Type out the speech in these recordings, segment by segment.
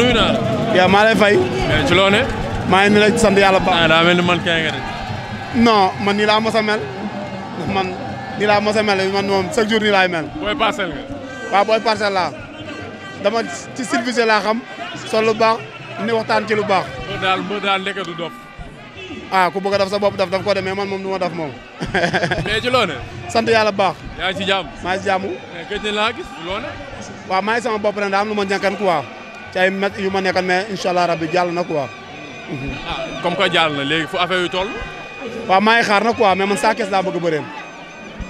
nuyu naa la. yow maa lay fay. ci loo maa ngi lay sant yàlla baax. ah daa mel ni man kay nga de. non man nii laa mos a mel. man nii laa mos a mel man moom chaque jour nii mel. booy parcelle nga. waaw booy parcelle laa dama ci service laa xam. sol lu ba ni waxtaan ci lu baax. moo daal moo daal nekk du ah, ku bëgg a daf sa bopp daf daf ko demee man moom du ma daf moom. mais ci loone sant yàlla baax. yaa ngi ci jàmm maa ngi ci jàmm. gëj na laa gis loone waaw maa ngi sama bopp ren daa am lu ma njànkan quoi. ci ay match yu ma nekkoon mais incha allah rabbi jàll na quoi. ah comme que a na léegi yu toll. waaw maa ngi xaar na quoi mais man Sa Thiès laa bëgg a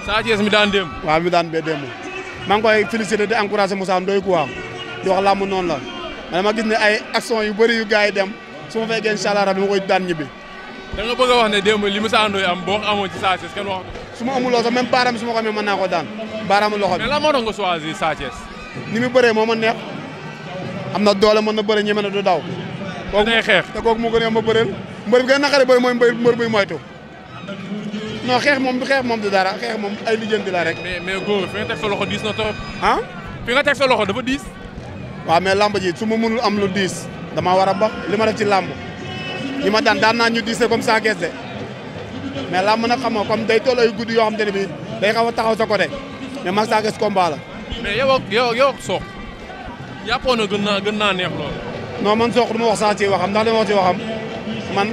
Sa Thiès mi daan démb. waaw mi daan bee démb maa ngi koy féliciter di encourager Moussa Ndoye quoi di wax làmb noonu la man ma gis ne ay action yu bëri yu gars yi dem su ma fekkee incha allah rabbi ma daan ñibbi. da nga a wax ne démb li Moussa Ndoye am boo amoon ci Sa Thiès kenn wax su ma amuloo sax ma ko amee mën Sa am na doole mën na bëre ñeme na du daw. da ngay xeex te kooku mu gën a yomb a bëreel mbër bi gën a naqari bëri mooy mbër buy moytu. non xeex moom du xeex moom di dara xeex moom ay lijjanti la rek. mais mais góor fi nga teg sa loxo diis na trop. ah fi nga teg sa loxo dafa diis. waaw mais lamb ji su ma mënul am lu diis dama war a bokk li ma def ci lamb ñi ma daan daan naa ñu diisee comme ça gerte mais lamb nag xam nga day toll ay guddi yoo xam te ne bii day xaw a taxaw sa côté mais man saa gis combat yow yow yow ak yàppoon na gën naa gën naa neex lool. non man soq du ma wax sax ci waxam ndax li ma wax ci waxam man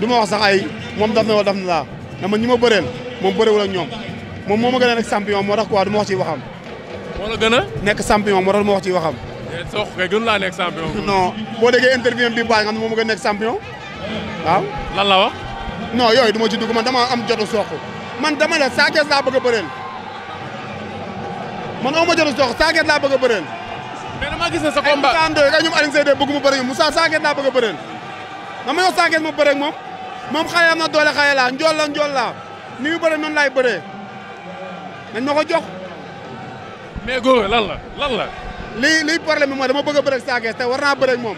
du ma wax sax ay moom daf na wala daf na laa na man ñi ma bëreel moom bëreewul ak ñoom moom moo ma gën a nekk moo tax quoi du ma wax ci waxam. moo la gën a. nekk champion moo tax du ma wax ci waxam. Eh, soq kay gën laa nekk champion. non boo déggee interview bi moom gën a nekk champion waaw. la wax. non yooyu du ma ci dugg man dama am jotu soq man dama ne saa kees laa bëgg a man aw ma jotu soq saa kees laa bëgg dama gis ne sa combat ay Moussa Ndoye ñoom Alioune Seye de bëgg mu bëri ñu Moussa Sa Thiès daa bëgg a bëreel dama yow mu bëree doole xale laa njool la njool laa ni ñu bëree noonu ma ko jox. mais góor lan la lan la. lii lii problème bi mooy dama bëgg a te war naa bëri ak moom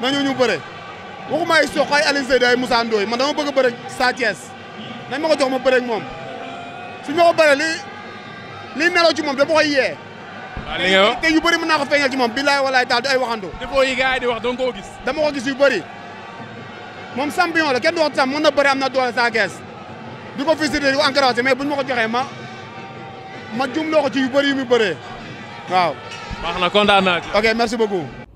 nañu ñu bëree waxuma ay sox ay Alioune Seye de ay Moussa Ndoye man dama bëgg a bëri ak ma ko jox ma bëree moom suñ ma ko lii lii moom dama waaw li nga wax te yu bëri mën naa ko ci moom billaay walaay taal du ay waxandoo. defoo yi gars yi di wax doo nga koo gis. dama ko gis na bëri am na doole saa kees di ko visiter di ko encouragé mais buñ ma ko joxee ma ma jumloo ko ci yu bëri yu muy waaw. baax na kontaan naa ok merci beaucoup.